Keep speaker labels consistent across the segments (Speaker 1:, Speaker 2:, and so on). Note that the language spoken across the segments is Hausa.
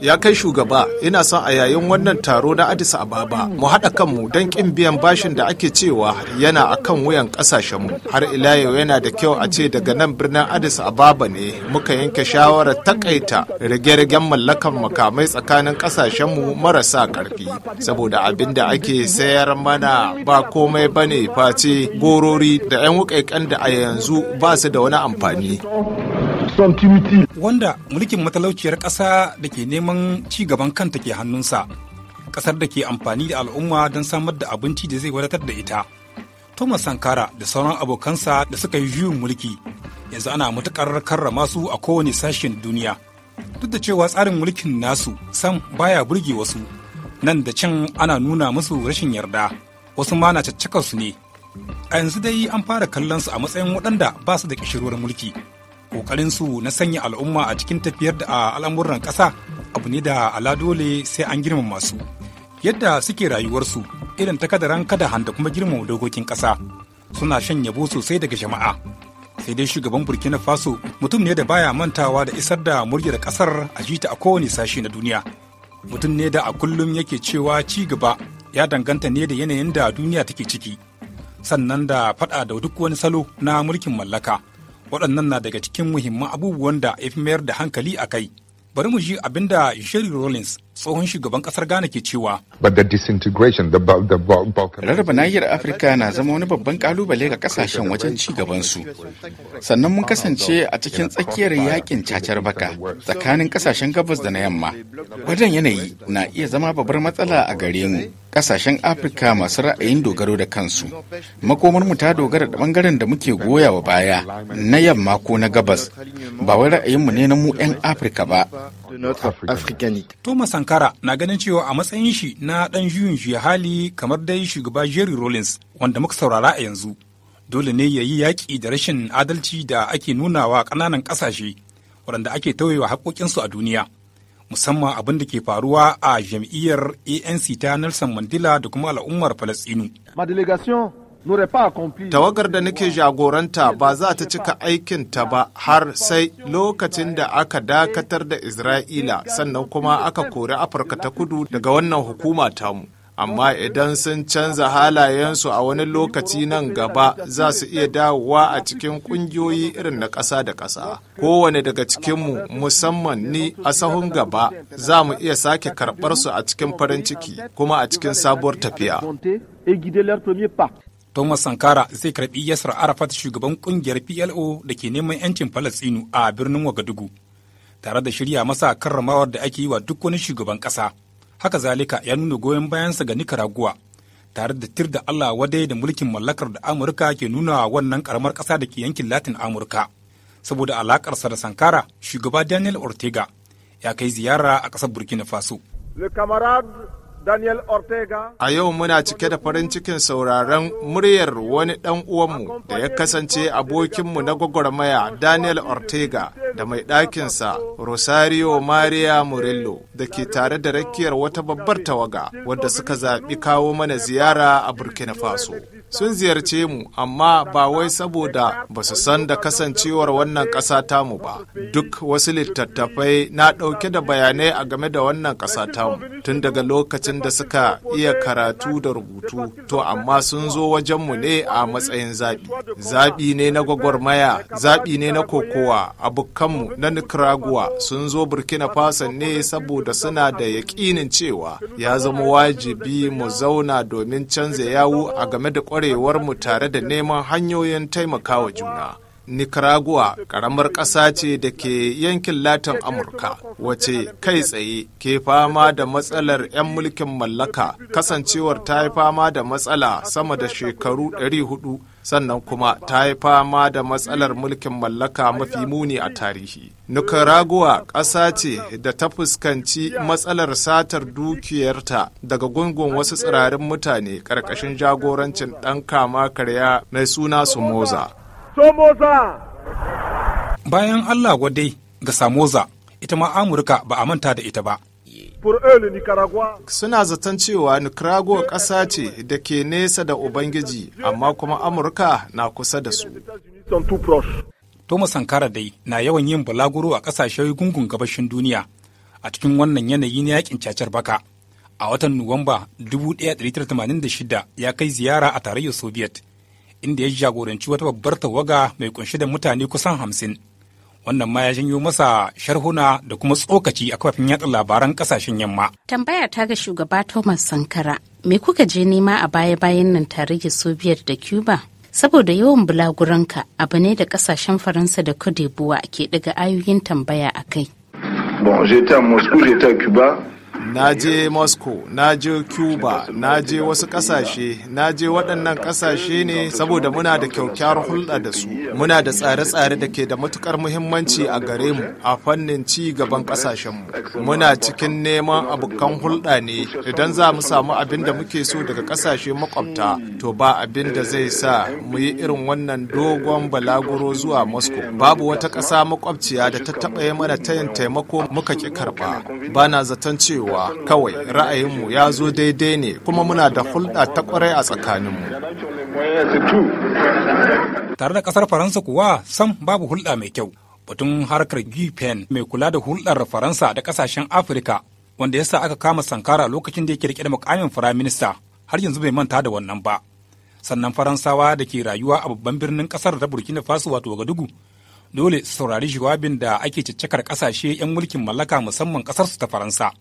Speaker 1: Ya kai shugaba, ina son a yayin wannan taro na Addis Ababa mu haɗa kanmu don ƙin biyan bashin da ake cewa yana a kan wuyan ƙasashenmu. Har ila yau yana da kyau a ce daga nan birnin Addis Ababa ne muka yanke shawarar takaita rage-ragen mallakan makamai tsakanin ƙasashenmu marasa ƙarfi. Saboda abin da ake sayar mana ba komai ba ne face gorori da 'yan
Speaker 2: wuƙaƙen da a yanzu ba su da wani amfani. Wanda mulkin matalauciyar ƙasa da ke neman ci gaban kanta ke hannunsa, ƙasar da ke amfani da al'umma don samar da abinci da zai wadatar da ita. Thomas Sankara da sauran abokansa da suka yi juyin mulki yanzu ana matukar karrama su a kowane sashen duniya. Duk da cewa tsarin mulkin nasu sam baya burge wasu, nan da can ana nuna musu rashin yarda, wasu ma na caccakar su ne. A yanzu dai an fara kallon su a matsayin waɗanda ba su da ƙishirwar mulki. su na sanya al'umma a cikin tafiyar da al'amuran ƙasa abu ne da ala dole sai an girmama masu yadda suke rayuwarsu irin ran kada Handa kuma girmama dokokin ƙasa suna shan yabo sosai daga jama'a sai dai shugaban burkina faso mutum ne da baya mantawa da isar da muryar ƙasar a jita a kowane sashe na duniya mutum ne da a kullum yake cewa ci gaba ya danganta ne da yanayin da duniya take ciki sannan da faɗa da duk wani salo na mulkin mallaka waɗannan na daga cikin muhimman abubuwan da ya fi mayar da hankali a kai bari mu ji abin da sherry rollins tsohon shugaban kasar Ghana ke cewa. Rarraba nahiyar
Speaker 3: Afirka na zama wani babban kalubale ga kasashen wajen ci gaban su. Sannan mun kasance a cikin tsakiyar yakin cacar baka tsakanin kasashen gabas da na yamma. Wajen yanayi na iya zama babbar matsala a gare mu. Kasashen Afirka masu ra'ayin dogaro da kansu. Makomar mu ta dogara da bangaren da muke goya wa baya na yamma ko na gabas. Ba wai mu ne na mu 'yan Afirka ba. de
Speaker 2: Thomas Sankara na ganin cewa a matsayin shi na dan juyin juya hali kamar dai shugaba Jerry rollins wanda muka saurara a yanzu. Dole ne ya yi yaƙi da rashin adalci da ake nuna wa ƙananan ƙasashe waɗanda ake tauyewa haƙoƙinsu a duniya. Musamman abin da ke faruwa a jam'iyyar ANC ta Nelson Mandela da kuma al'ummar Falasɗinu. Ma Tawagar da nake
Speaker 1: jagoranta ba za ta cika aikin ta ba har sai lokacin da aka dakatar da Isra'ila sannan kuma aka kori Afirka ta kudu daga wannan hukuma tamu. Amma idan sun canza halayensu a wani lokaci nan gaba za su iya dawowa a cikin ƙungiyoyi irin na ƙasa da ƙasa. Kowane daga cikinmu musamman ni a sahun gaba za mu iya sake karɓarsu a cikin farin ciki kuma a cikin
Speaker 2: sabuwar tafiya. Thomas Sankara zai karbi Yasir Arafat shugaban kungiyar PLO da ke neman 'yancin Falastinu a birnin Wagadugu, tare da shirya masa karramawar da ake yi wa duk wani shugaban ƙasa. Haka zalika ya nuna goyon bayansa ga Nicaragua, tare da tir da Allah wadai da mulkin mallakar da Amurka ke nuna wannan karamar ƙasa da ke yankin Latin Amurka. Saboda alakarsa da Sankara, shugaba Daniel Ortega ya kai ziyara a ƙasar Burkina Faso.
Speaker 1: Le camarade Daniel Ortega. A yau muna cike da farin cikin sauraron muryar wani ɗan uwanmu da ya kasance abokinmu na gwagwarmaya Daniel Ortega da mai ɗakinsa Rosario Maria Murillo da ke tare da rakiyar wata babbar tawaga wadda suka zaɓi kawo mana ziyara a Burkina Faso. sun ziyarce mu amma ba wai saboda ba su san da kasancewar wannan ƙasa mu ba duk wasu littattafai na ɗauke da bayanai a game da wannan ƙasa mu tun daga lokacin da suka iya karatu da rubutu to amma sun zo wajenmu ne a matsayin zaɓi zaɓi ne na gwagwarmaya zaɓi ne na kokowa abokanmu na nicaragua sun zo burkina faso ne saboda suna da yaƙinin cewa ya zama wajibi mu zauna domin canza yawo a game da mu tare da neman hanyoyin taimakawa juna Nicaragua karamar ƙasa ce da ke yankin Latin Amurka wace kai tsaye ke fama da matsalar 'yan mulkin mallaka kasancewar ta yi fama da matsala sama da shekaru 400 sannan kuma ta yi fama da matsalar mulkin mallaka mafi muni a tarihi. Nicaragua ƙasa ce da ta fuskanci matsalar satar dukiyarta daga gungun wasu tsirarin mutane ƙarƙashin jagorancin ɗan kama karya mai suna Somoza. Somoza!
Speaker 2: Bayan Allah gwadai ga Samoza, ita ma Amurka ba a manta da ita ba. Suna zaton cewa Nicaragua
Speaker 1: ƙasa ce da ke nesa da Ubangiji, amma kuma Amurka na kusa da su.
Speaker 2: Thomas Sankara dai na yawan yin balaguro a ƙasashen gungun gabashin duniya a cikin wannan yanayi na yakin cacar baka. A watan Nuwamba 1986 ya kai ziyara a tarayyar Soviet inda ya jagoranci wata babbar tawaga mai kunshe da mutane kusan hamsin. Wannan ma ya janyo masa sharhuna da kuma tsokaci a kafafen yatsa labaran kasashen yamma.
Speaker 1: Tambaya ta ga shugaba Thomas Sankara, me kuka je nema a baya-bayan nan tare da Soviet da Cuba? Saboda yawan bulaguranka abu ne da kasashen Faransa da Cote ke daga ayoyin tambaya a kai. Bon, j'étais à Moscou, j'étais à Cuba. na je moscow na je cuba na je wasu ƙasashe na je waɗannan ƙasashe ne saboda muna da kyaukyar hulɗa da su muna da tsare-tsare da ke da matukar muhimmanci a gare mu a fannin ci gaban ƙasashenmu muna cikin neman abokan hulɗa ne idan za mu samu abin da muke so daga ƙasashe makwabta to ba abin da zai sa mu yi irin wannan dogon balaguro zuwa moscow babu wata ƙasa makwabciya da ta taɓa yi mana tayin taimako muka ƙi karɓa ba na zaton cewa cewa kawai ra'ayinmu ya zo daidai ne kuma
Speaker 2: muna da hulɗa ta ƙwarai a tsakaninmu. Tare da ƙasar Faransa kuwa sam babu hulɗa mai kyau. Batun harkar Gipen mai kula da hulɗar Faransa da ƙasashen Afirka wanda ya sa aka kama Sankara lokacin da ya kirkir mukamin firaminista har yanzu bai manta da wannan ba. Sannan Faransawa da ke rayuwa a babban birnin ƙasar da Burkina Faso wato dugu dole su saurari jawabin da ake caccakar ƙasashe 'yan mulkin mallaka musamman ƙasarsu ta Faransa.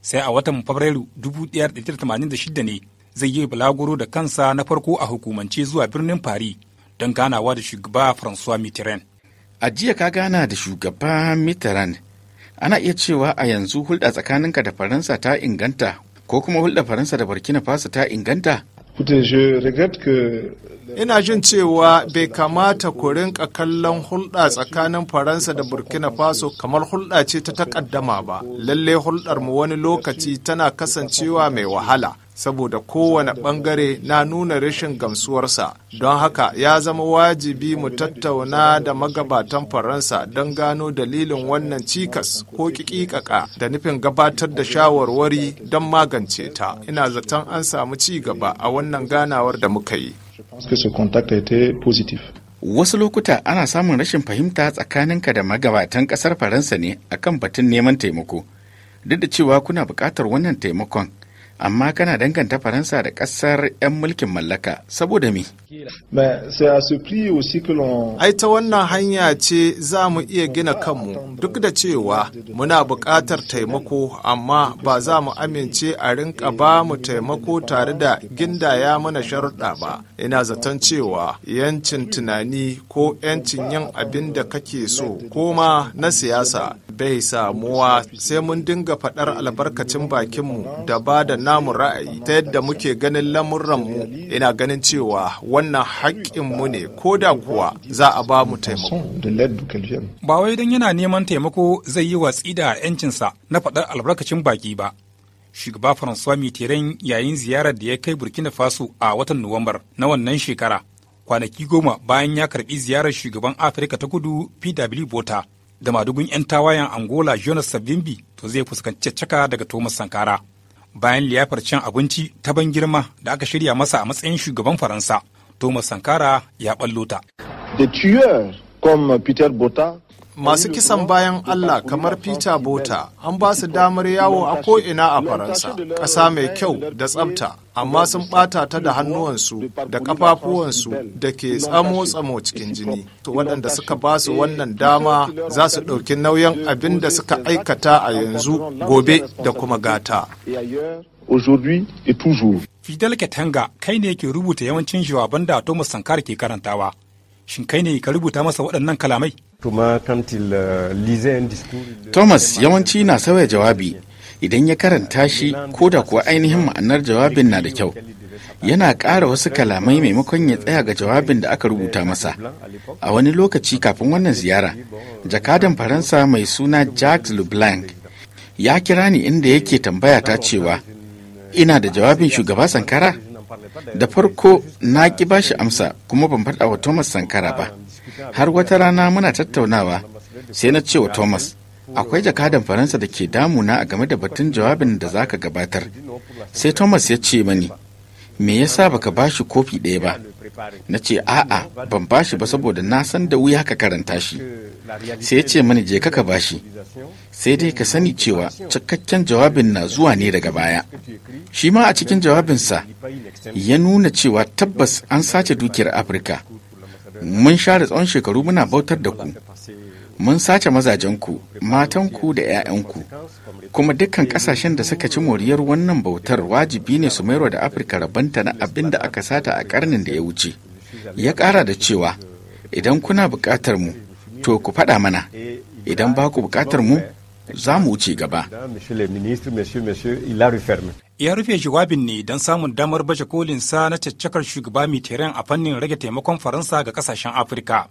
Speaker 2: sai a watan fabrairu 1986 ne zai yi bulaguro da kansa na farko a hukumance zuwa birnin paris don ganawa da shugaba francois mitterrand a jiya ka gana da shugaba mitterrand ana
Speaker 3: iya cewa a yanzu hulɗa tsakaninka da faransa ta inganta ko kuma hulɗa faransa da burkina faso
Speaker 1: ta inganta Ina jin cewa bai kamata ku rinka kallon hulɗa tsakanin Faransa da Burkina Faso kamar hulɗa ce ta takaddama ba. Lalle hulɗar mu wani lokaci tana kasancewa mai wahala. saboda kowane bangare na nuna rashin gamsuwarsa don haka ya zama wajibi mu tattauna da magabatan faransa don gano dalilin wannan cikas ko kikikaka da nufin gabatar da shawarwari don magance ta ina zaton an samu ci gaba a wannan ganawar da muka yi
Speaker 3: wasu lokuta ana samun rashin fahimta tsakaninka da magabatan kasar faransa ne akan batun neman taimako duk da cewa kuna buƙatar wannan taimakon amma kana danganta
Speaker 1: faransa da kasar 'yan mulkin mallaka saboda mi. ai ta wannan hanya ce za mu iya gina kanmu duk da cewa muna buƙatar taimako amma ba za mu amince a rinka ba mu taimako tare da ginda ya mana sharuɗa ba ina zaton cewa yancin tunani ko yancin yin abin da kake so ko ma na siyasa bai samuwa sai mun dinga faɗar albarkacin bakinmu da ba da namu ra'ayi ta yadda muke ganin lamuranmu ina ganin cewa wannan haƙƙinmu ne ko da kuwa
Speaker 2: za a ba mu taimako. Ba wai don yana neman taimako zai yi watsi da 'yancinsa na faɗar albarkacin baki ba. Shugaba Faransuwa Mitterrand yayin ziyarar da ya kai Burkina Faso a watan Nuwambar na wannan shekara kwanaki goma bayan ya karɓi ziyarar shugaban afirka ta kudu pw bota da madugun 'yan tawayen angola jonas savimbi to zai fuskanci caka daga thomas sankara bayan liyafar cin abinci ta ban girma da aka shirya masa a matsayin shugaban faransa thomas sankara ya ballo ta
Speaker 1: da peter
Speaker 2: masu kisan bayan Allah kamar Peter
Speaker 1: Bota an ba su damar yawo a ko'ina a Faransa, ƙasa mai kyau da tsabta amma sun ɓata ta da hannuwansu da ƙafafuwansu da ke tsamo-tsamo cikin jini. To waɗanda suka ba su wannan dama za su ɗauki nauyin abin da suka aikata
Speaker 2: a yanzu gobe da kuma gata. Fidel Ketanga kai ne ke rubuta yawancin jawaban da Thomas Sankara ke karantawa. Shin kai ne ka rubuta masa waɗannan kalamai?
Speaker 3: Uh, Thomas yawanci na sauya jawabi idan ya karanta shi ko da kuwa ainihin ma'anar jawabin na da kyau. Yana ƙara wasu kalamai maimakon ya tsaya ga jawabin da aka rubuta masa. A wani lokaci kafin wannan ziyara, jakadan Faransa mai suna Jacques Leblanc ya kira ni inda yake tambaya ta cewa, ina da jawabin shugaba Sankara? Da farko na ki shi amsa kuma ban faɗa wa Thomas Sankara ba. Har wata rana muna tattaunawa sai na ce wa Thomas, akwai jakadan Faransa da ke damuna a game da batun jawabin da zaka gabatar. Sai Thomas ya ce mani, me yasa baka bashi kofi ɗaya ba? na ce a'a ban bashi ba saboda na san da wuya ka karanta shi sai ya ce mani je ka bashi sai dai ka sani cewa cikakken jawabin na zuwa ne daga baya shi ma a cikin jawabinsa ya nuna cewa tabbas an sace dukiyar afirka mun share tsawon shekaru muna bautar da ku Mun sace mazajenku, matanku da 'ya'yanku, kuma dukkan kasashen da suka ci moriyar wannan bautar wajibi ne su mayar da Afirka rabanta na abin da aka sata a karnin da ya wuce. Ya kara da cewa, idan kuna buƙatar mu, to ku faɗa mana, idan ba ku buƙatar mu, za mu wuce gaba.
Speaker 2: Ya rufe jawabin ne don samun damar baje kolinsa na caccakar shugaba mai a fannin rage taimakon Faransa ga kasashen Afirka.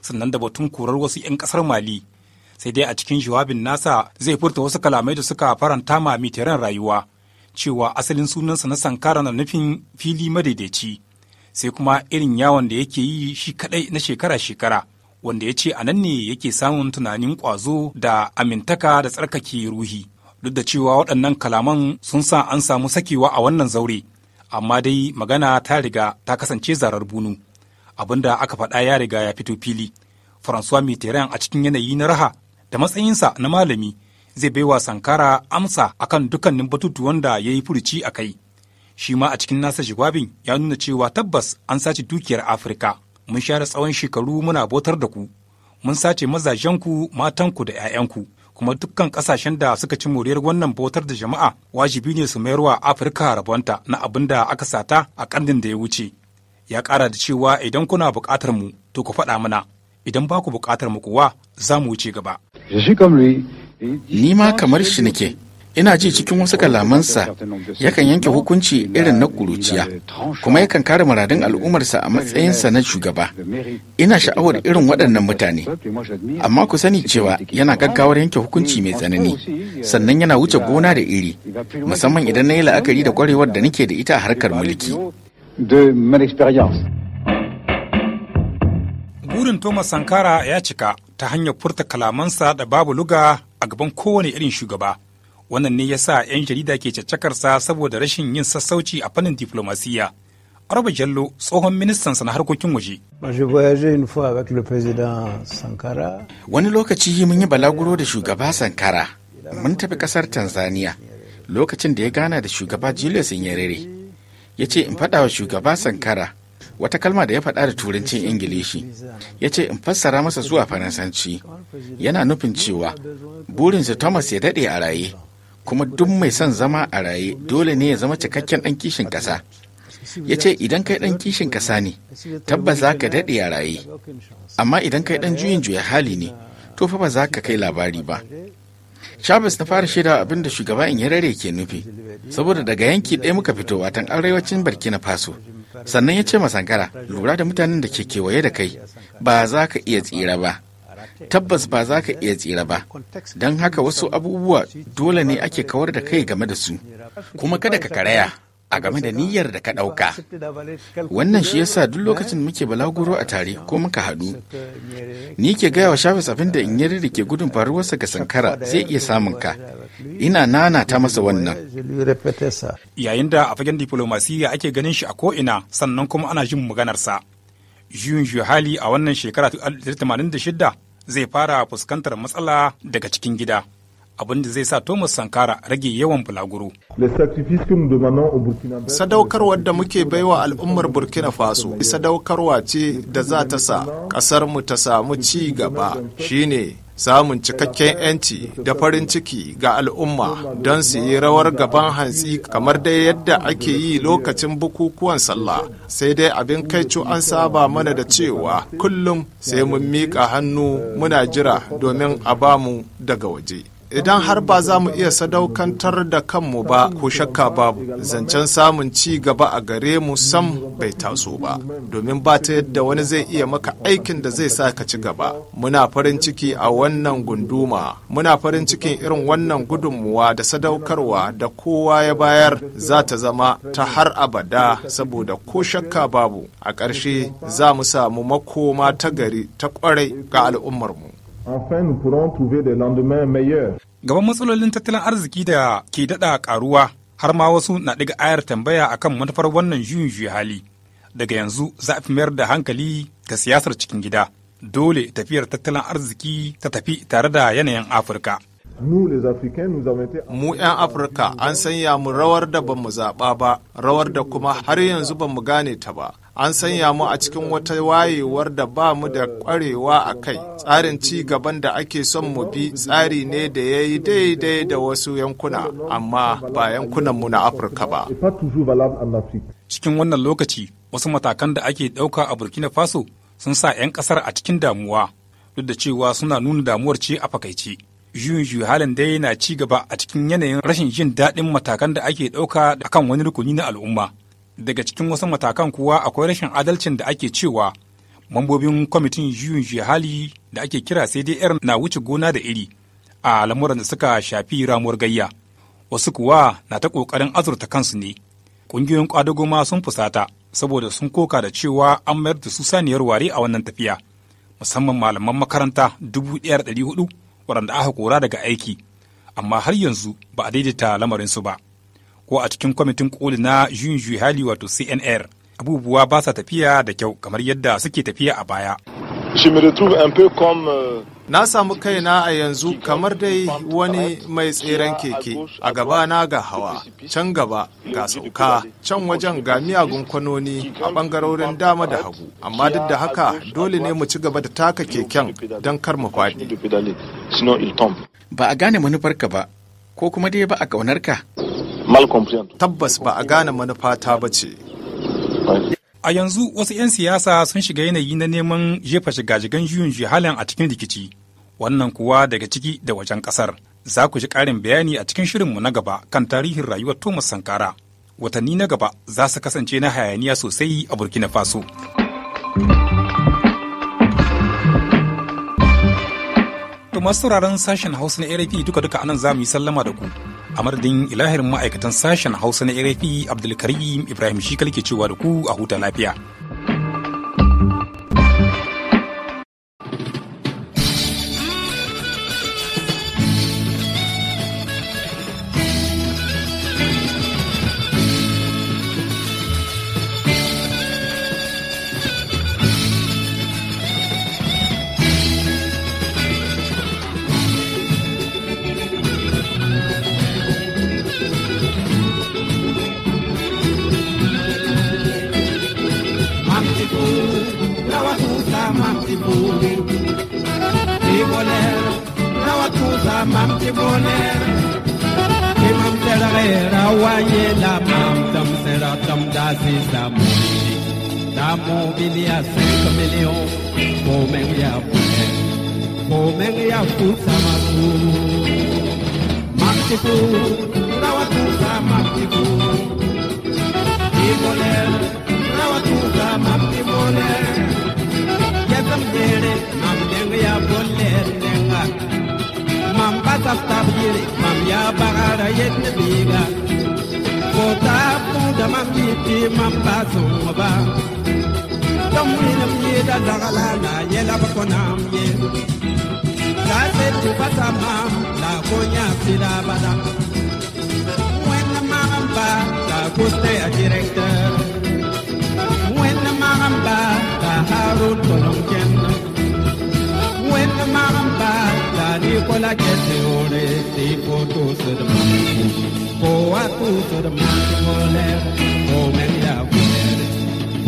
Speaker 2: sannan da batun korar wasu 'yan kasar mali sai dai a cikin jawabin nasa zai furta wasu kalamai da suka faranta ma mitiran rayuwa cewa asalin sunansa na sankara na nufin fili madaidaici sai kuma irin yawon da yake yi shi kadai na shekara-shekara wanda ya ce a nan ne yake samun tunanin kwazo da amintaka da tsarkake ruhi duk da cewa waɗannan kalaman sun sa an samu sakewa a wannan zaure amma dai magana ta riga ta kasance zarar bunu abin da aka faɗa ya riga ya fito fili francois mitterrand a cikin yanayi na raha da matsayinsa na malami zai baiwa sankara amsa akan dukkanin batutuwan da ya yi furuci a kai shi ma a cikin nasa jawabin ya nuna cewa tabbas an sace dukiyar afirka mun share tsawon shekaru muna botar da ku mun sace mazajenku matanku da 'ya'yanku kuma dukkan kasashen da suka ci moriyar wannan botar da jama'a wajibi ne su mayar wa afirka rabonta na abin da aka sata a ƙarnin da ya wuce ya ƙara da cewa idan kuna buƙatar mu to ku faɗa mana idan ba ku buƙatar mu kuwa za mu wuce gaba. Ni ma kamar shi nake ina ji cikin wasu kalamansa yakan yanke hukunci irin na
Speaker 3: kuruciya kuma yakan kare muradin al'ummarsa a matsayinsa na shugaba ina sha'awar irin waɗannan mutane amma ku sani cewa yana gaggawar yanke hukunci mai tsanani sannan yana wuce gona da iri musamman idan na yi la'akari da kwarewar da nake da ita a harkar mulki de mon expérience.
Speaker 2: Burin Thomas Sankara ya cika ta hanyar furta kalamansa da babu luga a gaban kowane irin shugaba. Wannan ne ya sa 'yan jarida ke caccakarsa saboda rashin yin sassauci a fannin diflomasiyya. Arba Jallo tsohon ministan na harkokin waje. Wani lokaci mun yi balaguro da shugaba Sankara.
Speaker 3: Mun tafi kasar Tanzania lokacin da ya gana da shugaba Julius Nyerere. ya ce in faɗa wa shugaba sankara wata kalma da ya faɗa da turancin ingilishi ya ce in fassara masa zuwa faransanci yana nufin cewa burinsa thomas ya daɗe a raye kuma duk mai son zama a raye dole ne ya zama cikakken ɗan kishin ƙasa ya ce idan kai ɗan kishin ƙasa ne tabbas za ka daɗe a raye amma idan kai ɗan juyin juya hali ne to fa ba za ka kai labari ba Chavez ta fara shaida abin da shugaba Inyarare ke nufi, saboda daga yanki ɗaya muka fito watan arewacin Burkina Faso. Sannan ya ce ma Sankara, lura da mutanen da ke kewaye da kai, ba za ka iya tsira ba. Tabbas ba za ka iya tsira ba, don haka wasu abubuwa dole ne ake kawar da kai game da su, kuma kada ka karaya. a game da niyyar da ka ɗauka. Wannan shi yasa duk lokacin muke balaguro a tare ko muka haɗu. Ni ke gaya wa Shafis abin da in da ke gudun faruwarsa ga sankara zai iya samun ka. Ina nana ta masa wannan.
Speaker 2: Yayin da a fagen diflomasiyya ake ganin shi a ko'ina sannan kuma ana jin maganarsa. Jun hali a wannan shekara 1986 zai fara fuskantar matsala daga cikin gida. abin da zai sa Thomas Sankara rage yawan bulaguro.
Speaker 1: Sadaukarwar da muke baiwa al'ummar Burkina Faso, sadaukarwa ce da za ta sa ƙasarmu ta samu ci gaba shine samun cikakken 'yanci da farin ciki ga al'umma don su yi rawar gaban hantsi kamar dai yadda ake yi lokacin bukukuwan sallah sai dai abin kai kaicu an saba mana da cewa kullum sai mun miƙa hannu muna jira domin a bamu daga waje. idan har ba za mu iya sadaukantar da kanmu ba ko shakka babu zancen samun ci gaba a gare mu sam bai taso ba domin ba ta yadda wani zai iya maka aikin da zai sa ka ci gaba muna farin ciki a wannan gunduma muna farin cikin irin wannan gudunmuwa da sadaukarwa da kowa ya bayar za ta zama ta har abada saboda ko shakka babu a ƙarshe za mu samu makoma ta gari
Speaker 2: ta ƙwarai ga al'ummarmu
Speaker 1: nous pourrons trouver
Speaker 2: Gaban matsalolin tattalin arziki da ke daɗa ƙaruwa har ma wasu na ɗiga ayar tambaya akan manufar wannan juyin juya hali. Daga yanzu za a fi mayar da hankali ga siyasar cikin gida. Dole tafiyar tattalin arziki ta tafi tare da yanayin Afirka. Mu
Speaker 1: 'yan Afirka an sanya mu rawar da ba mu zaɓa ba, rawar da kuma har yanzu ba mu gane ta ba. an sanya mu a cikin wata wayewar da ba mu da ƙwarewa a kai tsarin ci gaban da ake son mu bi tsari ne da ya yi daidai
Speaker 2: da wasu yankuna amma ba yankunan mu na afirka ba cikin wannan lokaci wasu matakan da ake ɗauka a burkina faso sun sa 'yan ƙasar a cikin damuwa duk da cewa suna nuna damuwar ce a fakaice juyin juyin halin dai na ci gaba a cikin yanayin rashin jin daɗin matakan da ake ɗauka akan wani rukuni na al'umma daga cikin wasu matakan kuwa akwai rashin adalcin da ake cewa mambobin kwamitin juyin hali da ake kira sai dai yar na wuce gona da iri a lamuran da suka shafi ramuwar gayya wasu kuwa na ta ƙoƙarin azurta kansu ne ƙungiyoyin ƙwadagoma sun fusata saboda sun koka da cewa an mayar da su saniyar ware a wannan tafiya musamman malaman makaranta dubu ɗaya da ɗari hudu waɗanda aka kora daga aiki amma har yanzu ba a daidaita lamarinsu ba ko a cikin kwamitin koli na Junju Hali wato CNR. Abubuwa ba sa tafiya da kyau kamar yadda suke tafiya a baya.
Speaker 1: Euh, na samu kaina a yanzu kamar dai wani mai tseren keke a gaba na ga hawa, can gaba ga sauka, can wajen ga miyagun kwanoni a ɓangarorin dama da hagu. Amma duk da haka dole ne mu ci gaba da taka keken don kar mu faɗi. Ba a gane manufarka ba,
Speaker 2: ko kuma dai ba a ƙaunarka. Tabbas ba a gane manufa ta ba ce. A yanzu wasu 'yan siyasa sun shiga yanayi na neman jefa shiga-shigan juyin jihalin a cikin rikici, wannan kuwa daga ciki da wajen kasar Za ku ji ƙarin bayani a cikin shirinmu na gaba kan tarihin rayuwar Thomas Sankara. Watanni na gaba za su kasance na hayaniya sosai a Burkina Faso. To sauraron sashen Hausa na RFI duka-duka anan za mu yi sallama da ku. a madadin ilahirin ma'aikatan sashen hausa na rfi abdulkarim ibrahim shi ke cewa da ku a huta lafiya.
Speaker 4: humilhação e cameleão, homem e a mulher, homem e a força malu. Matibu, não a força matibu. E mulher, não a força matibu mulher. E essa mulher, mamden e a mulher nenga. Mamba saftabiri, mamya bagara yetne biga. Kota punda mamiti mamba sumba tom winam da na ye la ba ye se tu la when magamba la a director when magamba la harun tolong ken when magamba la nicola o ore ti foto sedam ko atu sedam ko le ko men ya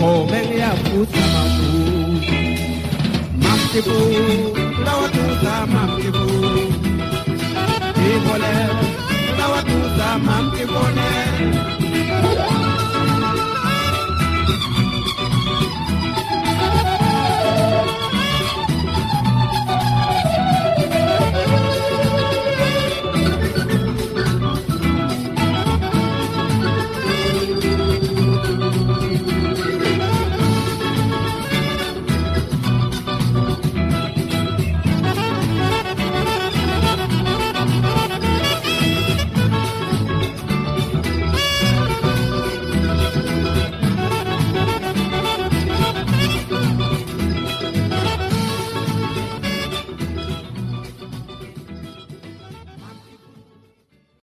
Speaker 4: Pomeni afuta mabu Mamtibu Lawatuza mamtibu Ibole Lawatuza mamtibone Mamtibu